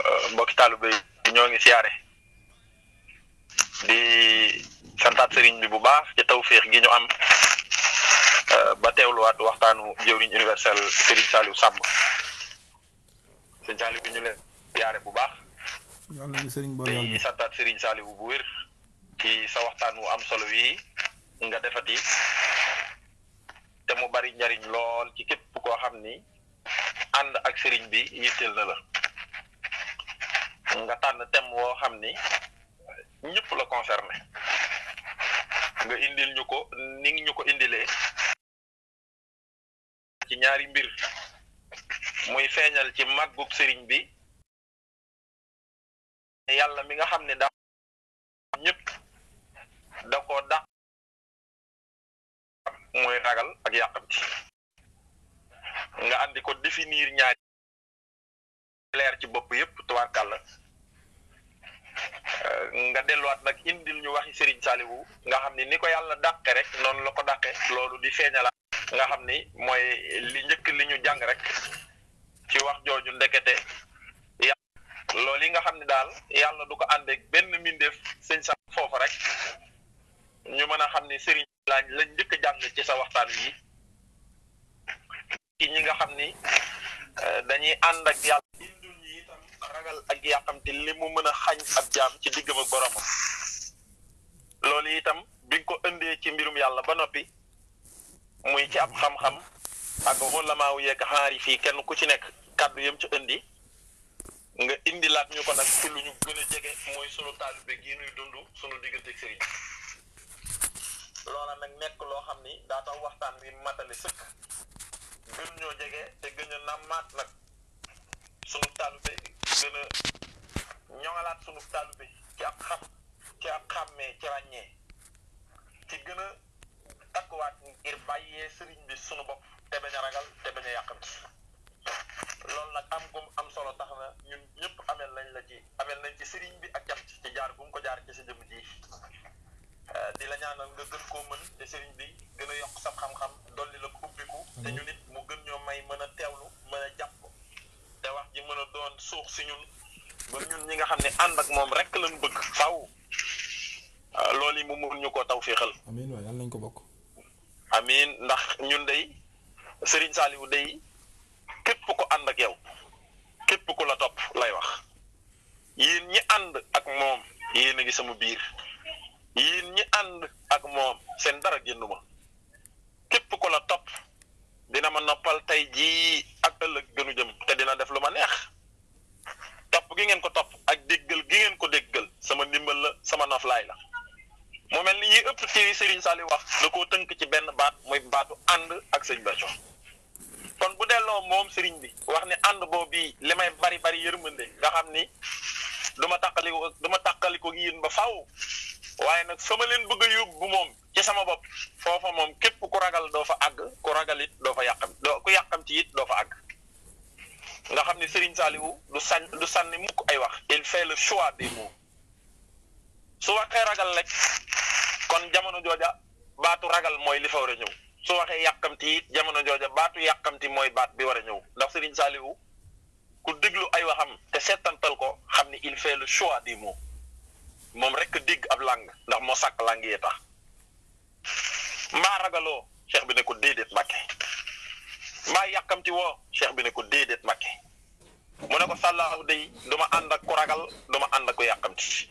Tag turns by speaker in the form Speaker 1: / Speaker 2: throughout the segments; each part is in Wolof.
Speaker 1: Eh, mbokki talibé yi ñoo ngi di santat serigne bi bu baax ci tawféex gi ñu am eh, ba wat waxtanu jeewriñ universel sëriñ Saliou Samb sëriñ bi ñu le siyaare bu baax yàlla ñu serigne bo di santat serigne Saliou bu wër ci sa waxtanu am solo wi nga defati te mu bari ñariñ lool ci képp ko xamni ànd ak sëriñ bi yitteel na la nga tànn thème woo xam ni ñépp la concerné nga indil ñu ko ni ñu ko indilee ci ñaari mbir muy feeñal ci màggug sëriñ bi yàlla mi nga xam ne daa ñëpp da ko dàq mooy ragal ak yàqamti nga andi ko définir ñaar leer ci bopp yépp tubaarkàlla euh, nga delluwaat nag indil ñu waxi Serigne Saliou nga xam ni ni ko yàlla dàqe rek noonu la ko dàqe loolu di feeñala nga xam ni mooy li njëkk li ñu jàng rek ci wax jooju ndekete ya, loolu yi nga xam dal daal yàlla du ko àndeeg benn mbindeef sëñ sa foofa rek ñu mën a xam ni Serigne lañ njëkk jàng ci sa waxtaan yi ci ñi nga xam ni euh, dañuy ànd ak yàlla indul ñi itam ragal ak yàqamti li mu mën a xañ ab jaam ci diggam ak boromam loolu itam bi ko ëndee ci mbirum yàlla ba noppi muy ci ab xam-xam ak wu yeeg xaari fii kenn ku ci nekk kàddu yëm ci ëndi nga indilaat ñu ko nag ci lu ñu gën a jege sunu gii nuy dund sunu diggante sëriñ loola nag nekk loo xam ni daa waxtaan bi matale sëkk gën ñoo jege te gën a nag sunu taalube gën a ñoŋalaat sunu taalube ci ab xam ci ab xàmmee ci ràññee ci gën a takkuwaat ngir bàyyee sëriñ bi sunu bopp te bañ ragal te bañ a yàqamti loolu nag am gum am solo tax na ñun ñëpp amel nañ la ci amel nañ ci sëriñ bi ak jant ci jaar gum ko jaar ci sa jëm ji euh, di la ñaanal nga gën koo mën te sëriñ bi gën a yokk sam xam-xam dolli la ko dañu mhm. nit mu gën ñoo may mën a teewlu mën a jàpp te wax ji mën a doon suux si ñun ba ñun ñi nga xam ne ànd ak moom rek lañ bëgg faw ah, loolu mu ñu ko taw amin waay yàlla nañ ko bokk amin ndax ñun day sëriñ saaliwu day képp ko ànd ak yow képp ku la topp lay wax yéen ñi ànd ak moom yéen a ngi sama biir yéen ñi ànd ak moom seen dara génnuma képp ku la topp dina ma noppal tay ji ak ëllëg gënu jëm te dina def lu ma neex topp gi ngeen ko topp ak déggal gi ngeen ko déggal sama ndimbal la sama noflaay la mu mel ni yi ëpp ci Serigne Sali wax da ko tënk ci benn baat muy baatu ànd ak sëñ Bacco kon bu delloo moom Serigne bi wax ni ànd li may bari bari yërmande nga xam ni du ma tàqali du gi ba faw waye nak sama len bëgg a yóbbu mom ci sama bop foofa mom képp ku ragal do fa ag ku ragal it doo fa yakam do ku yakam ci it do fa ag nga xamni Serigne salihu du du sanni mukk ay wax il fait le choix des mots su waxe ragal lek kon jamono jojja batu ragal moy li fa wara ñew su waxee yàkkamti it jamono batu yakam ti moy bat bi wara ñew ndax Serigne salihu ku deglu ay waxam te setantal ko xamni il fait le choix des mots mom rek dig ab lang ndax mo sak lang yi ya, tax ma ragalo cheikh bi ne ko dedet mbàkke ma yakamti wo cheikh bi ne ko dedet mbàkke mo ne ko sallahu day duma and ak ko ragal duma and ak yakamti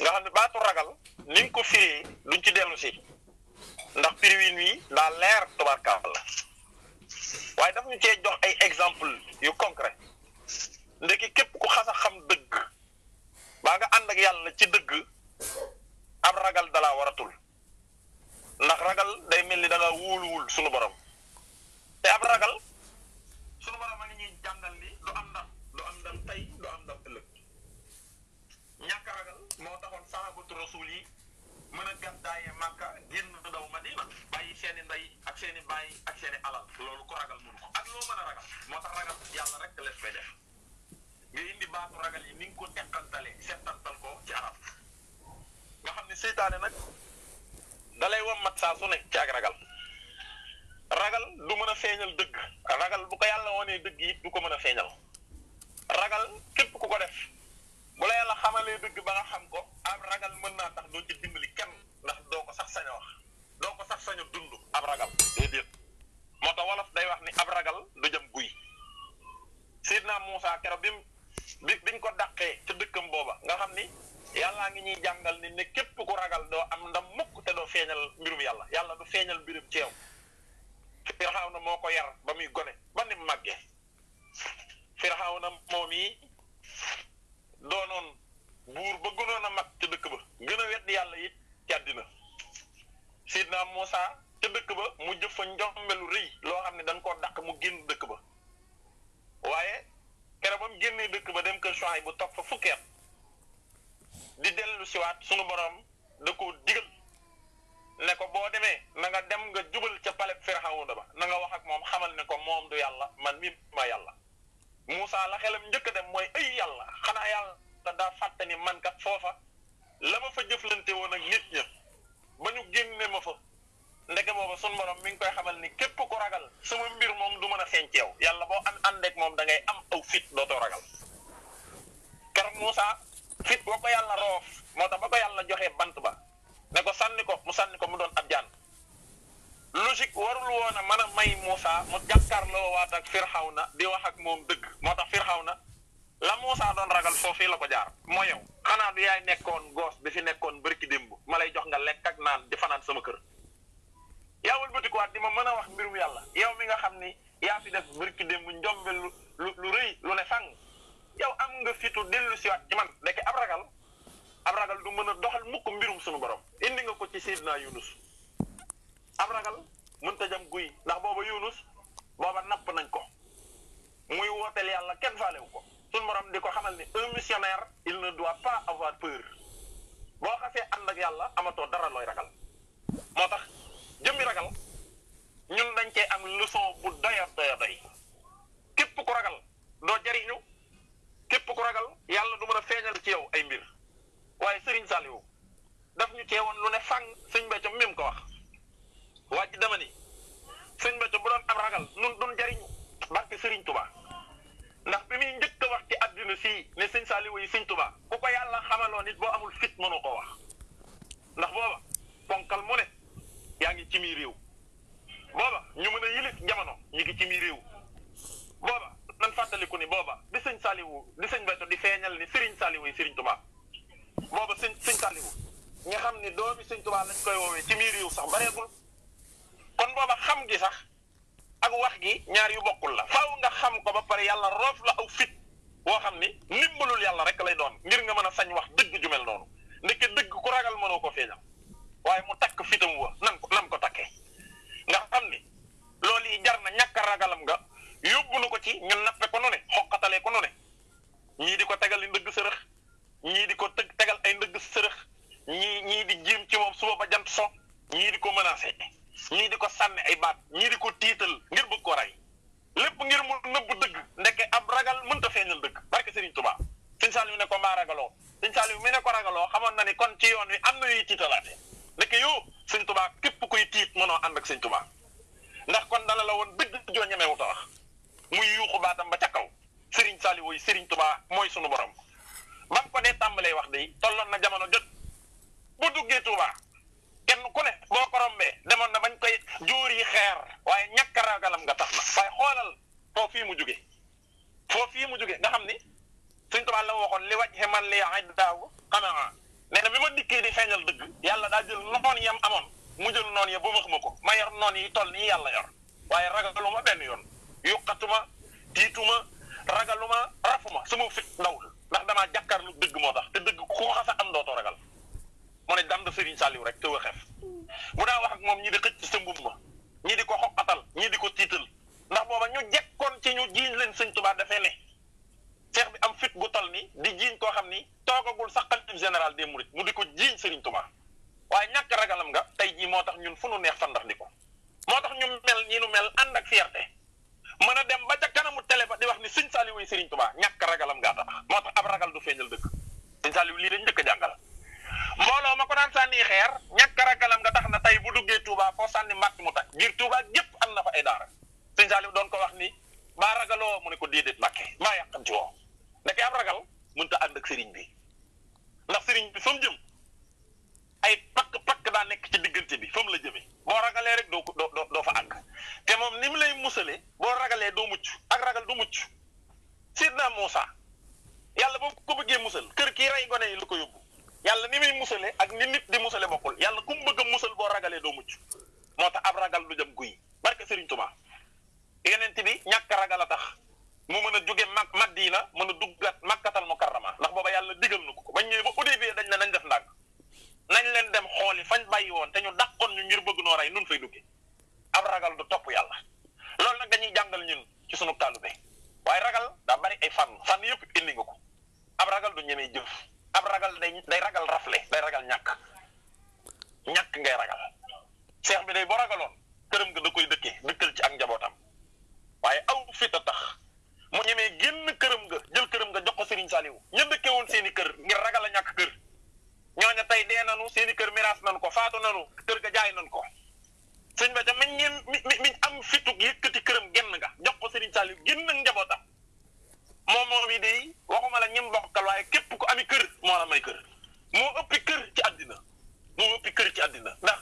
Speaker 1: nga xamne ba baatu ragal ning ko fi duñ ci delu ci ndax priwin wi da leer tubaarkaal la dafa ñu ci jox ay exemple yu concret ndeki kep ku xas xam deug baa nga ànd ak yàlla ci dëgg am ragal dalaa waratul ndax ragal day mel ni da nga wóoluwul sunu borom te ab ragal sunu borom a ngi ñuy jàngal ni du am ndam du am ndam tey du am ndam ëllëg ñàkk ragal moo taxoon sahabatu rasul yi mën a gàddaaye màkka génn daw madina bàyyi seeni ndey ak seeni bàyyi ak seeni alal loolu ko ragal mënu ko ak loo mën a ragal moo tax ragal yàlla rek lees fay def nga indi baatu ragal yi ni nga ko teqantalee settantal ko ci arab xam ne seytaane nag dalay mat saa su nekk ci ak ragal ragal du mën a feeñal dëgg ragal bu ko yàlla wonee dëgg yi du ko mën a feeñal Donon bur buur na mak ci dekk ba gëna a yalla yi ci adina sidna Moussa ci dekk ba mu jëf fa reuy lo xamni dañ ko dakk mu génn dekk ba waye kere bam mu dekk ba dem kër Chouaïb bu top fa fukki di di ci siwaat suñu borom da ko digal ne ko bo démé na nga dem nga jubal ca palais da ba nga wax ak mom xamal ne ko mom du yalla man mi ma yalla Moussa la xelam njëkk a dem mooy ay yàlla xanaa yàlla daa fàtte ni foofa la ma fa jëflante woon ak nit ña ba ñu génne ma fa ndeke booba sun borom mi ngi koy xamal ni képp ko ragal sama mbir moom du mën a feeñ ci yàlla boo ragal mënta jam guy ndax bobu yunus bobu nap nañ ko muy wotel yalla kenn faalewu ko sun morom diko xamal ni un missionnaire il ne doit pas avoir peur bo xasse and ak yalla amato dara loy ragal motax jëmmi ragal ñun dañ cee am leçon bu doya doya doy kep ku ragal do jariñu kep ku ragal yalla du mëna ci yow ay mbir waye serigne saliw daf ñu téwon lu ne fang serigne mim ko wax wàcc dama ni ba Béthio bu doon am ragal nun dun jariñ barke Serigne Touba ndax bi muy njëkk a wax ci àddina sii ne sëñ sali yi sëñ Touba ku ko yàlla xamaloo nit boo amul fit mënu ko wax ndax booba ponkal mu ne yaa ngi ci mi réew booba ñu mën a yilif jamono ñu ngi ci mi réew booba nan fàttaliku ni booba di sëñ wu di sëñ Béthio di feeñal ni Serigne sali yi Serigne Touba booba sëñ sëñ Saliou nga xam ne doomi sëñ Touba lañ koy woowee ci sërëx ñii di ko tëg tegal ay ndëgg sërëx ñii ñii di jiim ci moom suba ba jant soo ñii di ko menacé ñii di ko sànni ay baat ñii di ko tiital ngir bëgg ko rey lépp ngir mu nëbb dëgg ndeke ab ragal mënta feeñal dëgg barke Sëriñ Tuubaa Sëñ Saaliw ne ko maa ragaloo Sëñ Saaliw mu ne ko ragaloo xamoon na ni kon ci yoon wi am na yuy tiitalaate ndeke yow Sëñ Tuubaa képp kuy tiit mënoo ànd ak Sëñ Tuubaa ndax kon dala la woon dëgg joo ñemewuta wax muy yuuxu baatam ba ca kaw Sëriñ Saaliw woy mooy sunu borom bam ko dee tàmbalee wax day tollon na jamono jot bu duggé Touba kenn ku ne bo ko rombé demon na bañ koy jour yi xéer waye ñak ragalam nga taxna na xolal fo fi mu jóge fo fi mu jóge nga xamni señ Touba la waxon li wàcce man li aidaw qana xamaa na di feñal dëgg yalla da jël non yam amon mu jël non ya bu ma ma yar non yi toll ni yalla yor waye ragaluma ben yoon yuqatuma ragaluma rafuma sumu fit dawul ndax damaa jàkkaarlu dëgg moo tax te dëgg ku sa am dootoo ragal mu ne dam da Serigne Saliou rek te waxeef mu daa wax ak moom ñi di xëcc sa mbub ma ñi di ko xoqatal ñi di ko tiital ndax booba ñu jekkoon ci ñu jiiñ leen sëñ Tuubaa dafee ne seex bi am fit bu tal ni di jiiñ koo xam ni toogagul sax xalif général des mourides mu di ko jiiñ Serigne Touba waaye ñàkk ragalam nga tey jii moo tax ñun fu nu neex fa ndax di ko moo tax ñu mel ñi nu mel ànd ak fierté mën dem ba ni seigne Saliou yi seigne Touba ñak ragalam gaa tax moo ab ragal du feñal dëkk seigne Saliou li dañ dëkk jangal mbolo ma ko daan sànni xeer ñak ragalam nga tax na tay bu duggé Touba foo sànni màtt mu tak giir Touba yépp am na fa ay daara seigne Saliou doon ko wax ni ba ragalo mu ne ko dedet Mbàkke ma yàqam ci woo nekk ab ragal mu ta and ak seigne bi ndax seigne bi fam mu jëm ay pak pak da nek ci digënté bi fam la jëmee bo ragalé rek do do do fa ag te moom ni mu lay musalee boo ragalee doo mucc ak ragal du mucc naa Muusa yàlla boo ko bëggee musal kër kii rey gone yi lu ko yóbbu yàlla ni muy musalee ak ni nit di musale bokkul yàlla ku mu bëgg a musal boo ragalee doo mucc moo tax ab ragal du dem guy barke Serigne Touba yeneen bi ñàkk ragal a tax mu mën a jóge mag Madina mën a duggaat nanu seen keur mirage miraas nanu ko faatu nanu keur ga jaay nanu ko sëñ ba seni miñ mi am fitug yëkkati kërëm genn nga jox ko sëriñ Saliou genn nga jabota moom moom wi day waxuma la ñim bokkal waaye képp ku ami kër mo la may kër mo upp kër ci adina mo upp kër ci adina ndax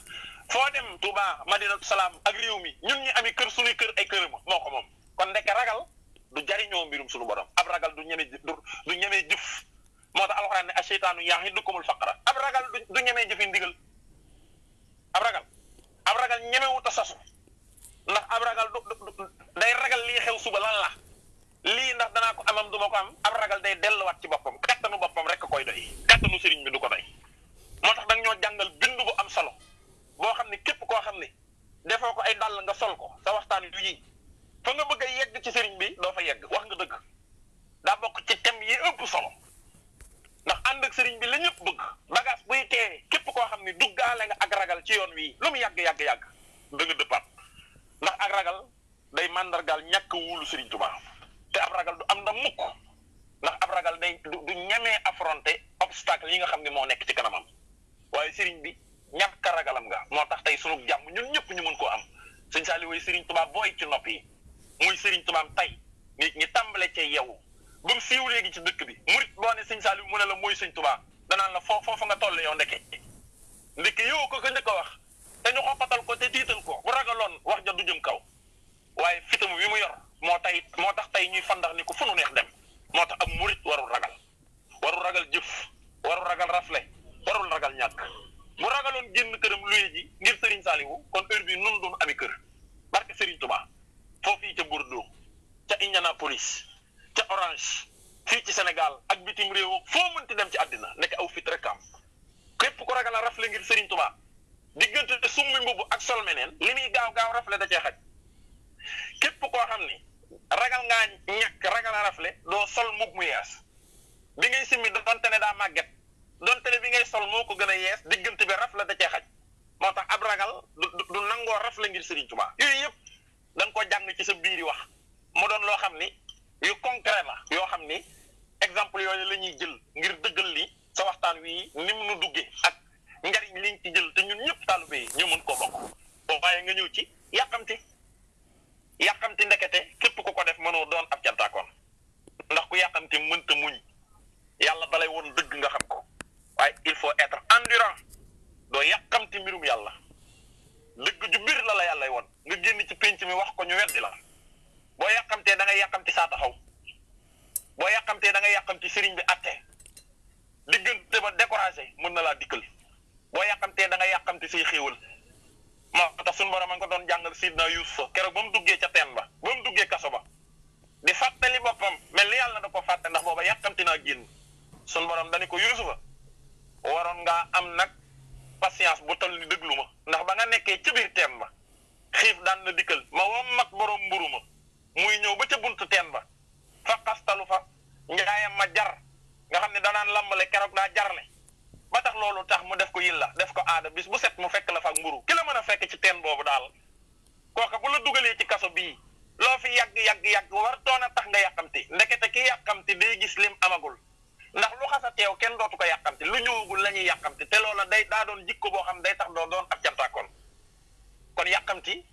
Speaker 1: fo dem Touba madina salam ak rew mi ñun ñi ami kër suñu kër ay moko mom kon nek ragal du jariño mbirum suñu borom ab ragal du ñeme du jëf moo tax alxuraan ne asheytaanu yaxidukumul faqra ab ragal du ñemee jëfi ndigal ab ragal ab ragal wu a sasu ndax ab ragal du day ragal Li xew suba lan la li ndax dana ko amam du ko am ab ragal day wat ci bopam katanu bopam rek koy doy katanu sëriñ bi du ko doy moo tax ñoo jangal bindu bu am solo bo xamni ne képp koo xam ko ay dal nga sol ko sa waxtaan yu yi fa nga bëgg yegg ci sëriñ bi do fa yegg wax nga dëgg da bok ci yi ëpp solo ndax ànd ak sëriñ bi la ñëpp bëgg bagage buy tee képp koo xam ne gaale nga ak ragal ci yoon wii lu mu yàgg yàgg yàgg da nga dëppaat ndax ak ragal day màndargaal ñàkk wóolu sëriñ Tuubaa te am ragal du am ndam mukk ndax am ragal day du ñemee affronter obstacle yi nga xam ne moo nekk ci kanamam waaye sëriñ bi ñàkk ragalam nga moo tax tey sunu jàmm ñun ñëpp ñu mën koo am sëñ Saliou way sëriñ Tuubaa booy ci nopp yi muy sëriñ Tuubaa tey nit ñi tàmbale ci yow bu siiw legi ci dëkk bi murit boo ne sëñ Saliou mu ne la mooy sëñ Touba danaan la fo foofa nga toll yow ndeke ndekke yow ko ko njëkk a wax te ñu xopatal ko te tiital ko bu ragalon wax ja du jëm kaw waye fitam wi mu yor mo tay mo tax tay ñuy fandax ni ko fu nu neex dem mo tax ab murit waru ragal Waru ragal jëf waru ragal rafle warul ragal ñak mu ragalon genn kërëm luy ji ngir Serigne Saliou kon heure bi nun doon ami kër barke Serigne Touba foofu yi ca Bordeaux ca Indianapolis ca orange fii ci Sénégal ak bitim réew foo mënti dem ci àddina nekk aw fit rek am képp ragal a rafle ngir Serigne Touba diggante summi ak sol meneen li muy gaaw rafle da cee xaj képp koo xam ni ragal ngaa ñàkk ragal rafle doo sol mbub mu yees bi ngay simmi donte ne daa màgget donte ne bi ngay sol moo ko gën a yees rafle da cee xaj moo tax ab ragal du rafle ngir Serigne Touba yooyu yëpp dan ko jàng ci sa biiri wax mu doon loo xam yu concret la yo xamni exemple yoy lañuy jël ngir deugal li sa waxtan wi nim nu duggé ak ngari liñ ci jël te ñun ñëpp talubé ñu mën ko bokk bo baye nga ñëw ci yàqamti yàqamti ndekete képp ku ko def mëno doon ab kon ndax ku mën ta muñ yalla dalay won deug nga xam ko waye il faut être endurant naan lamb la keroog daa jar ba tax lolu tax mu def ko yilla def ko aada bis bu set mu fekk la fa nguru ki la mën fekk ci teen boobu daal kooka bu la dugalee ci kasso bi lo fi yag yag yag war toona tax nga yakamti ndekete ki yakamti day gis lim amagul ndax lu xassa tew ken dotu ko yakamti lu ñëwagul la yakamti te day da doon jikko bo xam day tax do doon ak kon yakamti,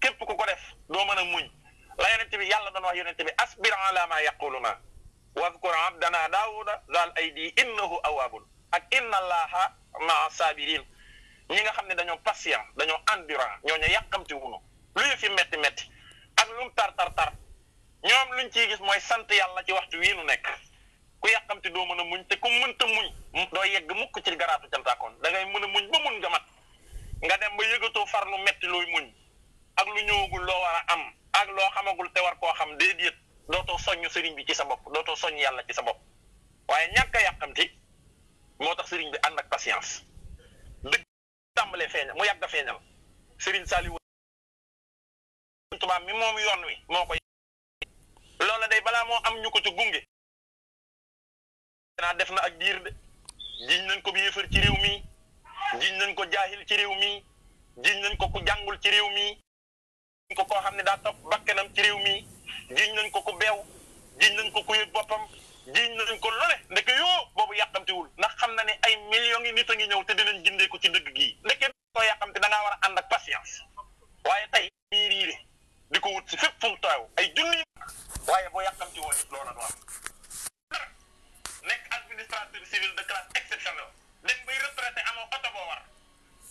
Speaker 1: kep ku ko def do mën muñ la yonent bi yalla doon wax yonent bi asbir ala ma yaquluna واذكر عبدنا داود ذا الايدي انه اواب اك ان الله مع الصابرين ñi nga xamne dañu patient dañu endurant ñoo ñu yakamti wuno luñu fi metti metti ak lum tar tar tar ñoom luñ ciy gis mooy sant yàlla ci waxtu wii nu nekk ku yàqamti doo mën muñ te ku mënta muñ doo yegg mukk ci garaatu cantaakoon da ngay muñ ba mun nga nga dem ba yëgatoo far lu metti looy muñ ak lu ñëwagul loo war am ak loo xamagul te war koo xam dootoo soññ sëriñ bi ci sa bopp dootoo soññ yàlla ci sa bopp waaye ñàkk a moo tax sëriñ bi ànd ak patience dëgg tàmbalee feeñal mu yàgg a feeñal sëriñ Saliou tubaab mi moom yoon wi moo koy loola day balaa moo am ñu ko ci gunge naa def na ak diir de jiñ nañ ko bi yëfër ci réew mi jiñ nañ ko jaahil ci réew mi jiñ nañ ko ko jàngul ci réew mi ko koo xam ne daa topp bakkanam ci réew mi jiñ nañ ko ku beew jiñ nañ ko ku yëg boppam jiñ nañ ko lu ne ndeke yoo boobu yàqamtiwul ndax xam na ne ay million yi nit a ngi ñëw te dinañ gindee ko ci dëgg gii ndeke ko yàqamti da ngaa war a ak patience waaye tey mii riire di ko wut si fépp fu mu taaw ay junni waaye boo yàqamti woon it loola noonu nekk administrateur civil de classe exceptionnelle dem bay retraité amoo oto boo war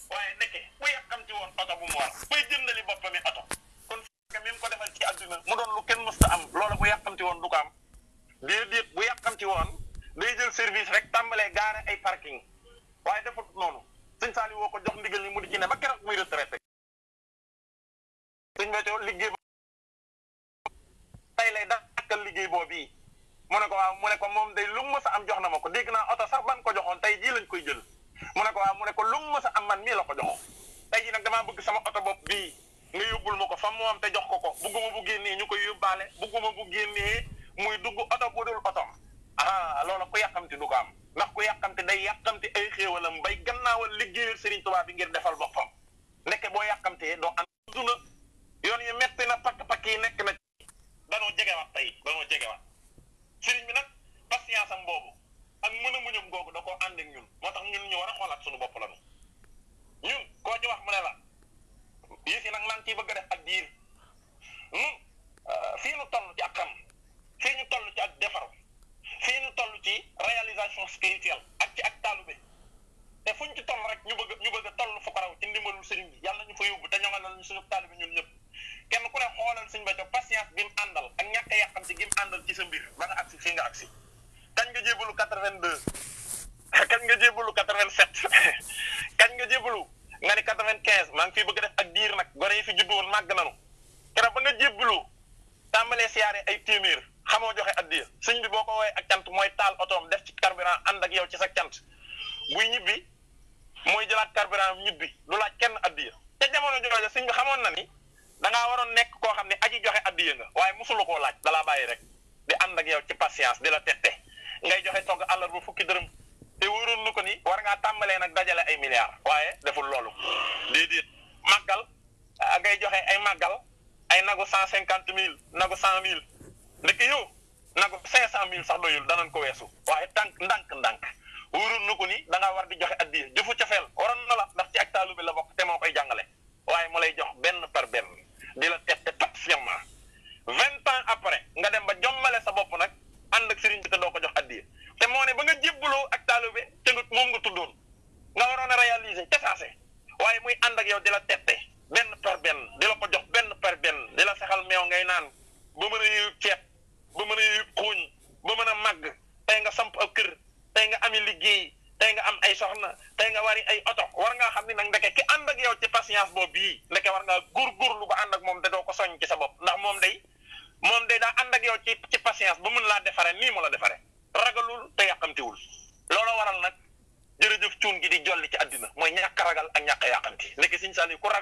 Speaker 1: waaye nekke bu yàqamti woon oto bu mu war bay jëndali boppami oto mi mu ko demal ci mu doon lu kenn mësta am loolu bu yàkkamti du ko am bu day jël service rek tàmbalee gaare ay parking waaye defut nonu. sëñ saali woo jox ndigal ni mu di ci ne ba keroog muy retraité sëñ Béthio liggéey tey lay dakkal liggéey boobu mu ne ko waaw mu ne ko moom day lu mu am jox na ma ko dégg sax ban ko lañ koy jël mu ne ko waaw mu ne ko lu am man la ko bëgg sama oto nga yóbbul ma ko fa am te jox ko ko bugguma bu génnee ñu koy yóbbaale bugguma bu génnee muy dugg oto bu dul otom ah loola ku yàkkamti du ko am ndax ku yàkkamti day yàkkamti ay xéewalam bay gannaawal liggéeyal Serigne Touba bi ngir defal boppam ndeke boo yàkkamtee doo am duna yoon yi metti na pak pak yi nekk na danoo jegewaat tey danoo jegewaat Serigne bi nag patience am boobu ak mën a muñam googu da koo ànd ak ñun moo tax ñun ñu war a xoolaat sunu bopp lanu sëñ bi boko woy ak cant moy tal otoom def ci carburant and ak yow ci sa cant muy ñibbi moy jëlat carburant ñibbi lu la kenn addiya te jamono jooja sëñ bi xamoon na ni da nga waron nek ko xamni aji joxe addiya nga waaye musula ko laaj da la bàyyi rek di and ak yow ci patience di la tété ngay joxe togg àllar bu fukki deureum te wóoroon nuko ni war nga tambalé nak dajalé ay milliards waye deful loolu déedéet magal ah, ngay joxe ay magal ay nagu 150000 nagu 100000 nek ndekk yow na ko cinq cent mille sax doyul danañ ko weesu waaye tànk ndànk-ndànk wóoroon na ko ni da ngaa war di joxe addiya jëfu cofeel waroon na la ndax ci ak taalu bi la bokk te moo koy jàngale waaye mu lay jox benn par benn di la te tette patiemment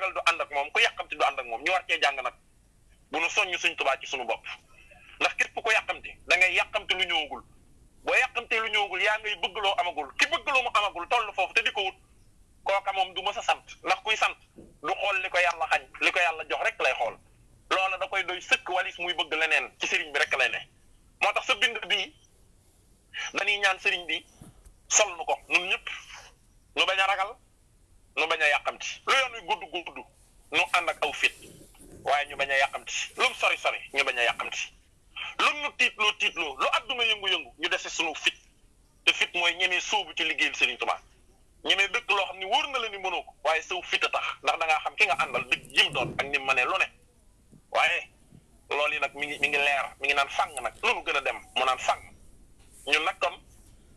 Speaker 1: ragal du ànd ak moom ku yàqamti du ànd ak moom ñu war ci jang nak bu nu soñu suñ tuba ci suñu bop ndax képp ku yakamti da ngay yakamti lu bo yakamti lu ya ngay bëgg lo amagul ki bëgg lo mu amagul toll fofu te di ko wut kooka du mës sant ndax kuy sant du xol liko yalla xagn liko yalla jox rek lay xol loolu da koy doy sëkk walis muy bëgg leneen ci sëriñ bi rek lay ne motax sa bind bi dañuy ñaan sëriñ bi sol nu ko ñëpp ragal nu bañ a yàqamti lu yoon wi gudd gudd nu ànd ak aw fit waaye ñu bañ a yàqamti lum sori sori ñu bañ a yàqamti lum nu tiitloo tiitloo lu àdduna yëngu-yëngu ñu def dese sunu fit te fit mooy ñemee sóobu ci liggéey liggéeyal Serigne Touba ñemee dëkk loo xam ne wóor na la ni mënoo ko waaye saw fit a tax ndax da xam ki nga àndal dëkk jim doon ak ni mu mënee lu ne waaye loolu yi nag mi ngi mi ngi leer mi ngi naan fang nag lu nu gën a dem mu naan fang ñun nag comme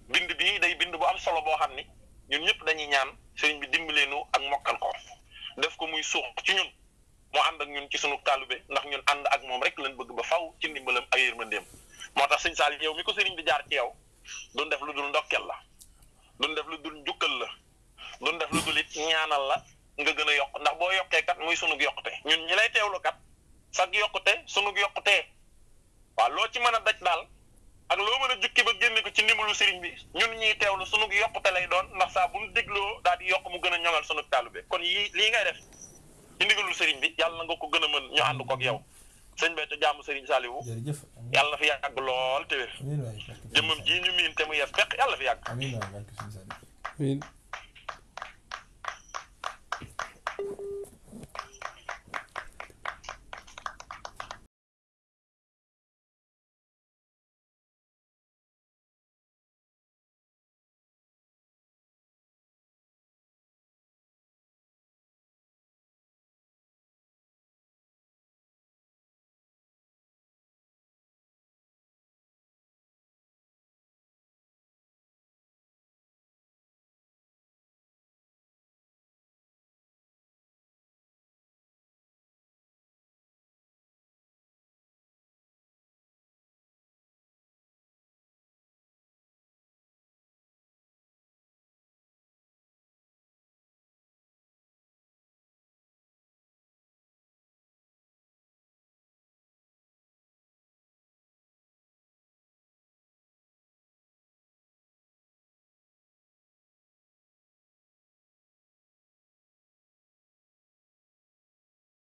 Speaker 1: bind bii day bind bu am solo boo xam ni ñun ñëpp dañuy ñaan sëriñ bi dimbaleenu ak mokal ko def ko muy suux ci ñun mo and ak ñun ci sunu talube ndax ñun and ak mom rek lañ bëgg ba faaw ci ndimbalam ak yërmandeem moo tax sëñ Sall yow mi ko sëriñ bi jaar ci yow duñ def lu dul ndokkel la duñ def lu dul jukkel la duñ def lu dul ñaanal la nga gëna yok ndax bo kat muy sunu yokkute ñun ñi lay teewlu kat sag yokkute sunu yokuté wa lo ci mëna daj dal ak loo mën a jukki ba génne ko ci ndimbalu sëriñ bi ñun ñuy teew teewlu sunu yokkute lay doon ndax saa bu nu dégloo daal di yokk mu gën a ñoŋal sunu taalube kon yii lii ngay def ci ndigalu sëriñ bi yàlla nga ko gën a mën ñu ànd koog yow sëñ bi te jaamu sëriñ Saliou yàlla na fi yàgg lool te wér jëmmam ji ñu miin te mu yees fekk yàlla fi yàgg.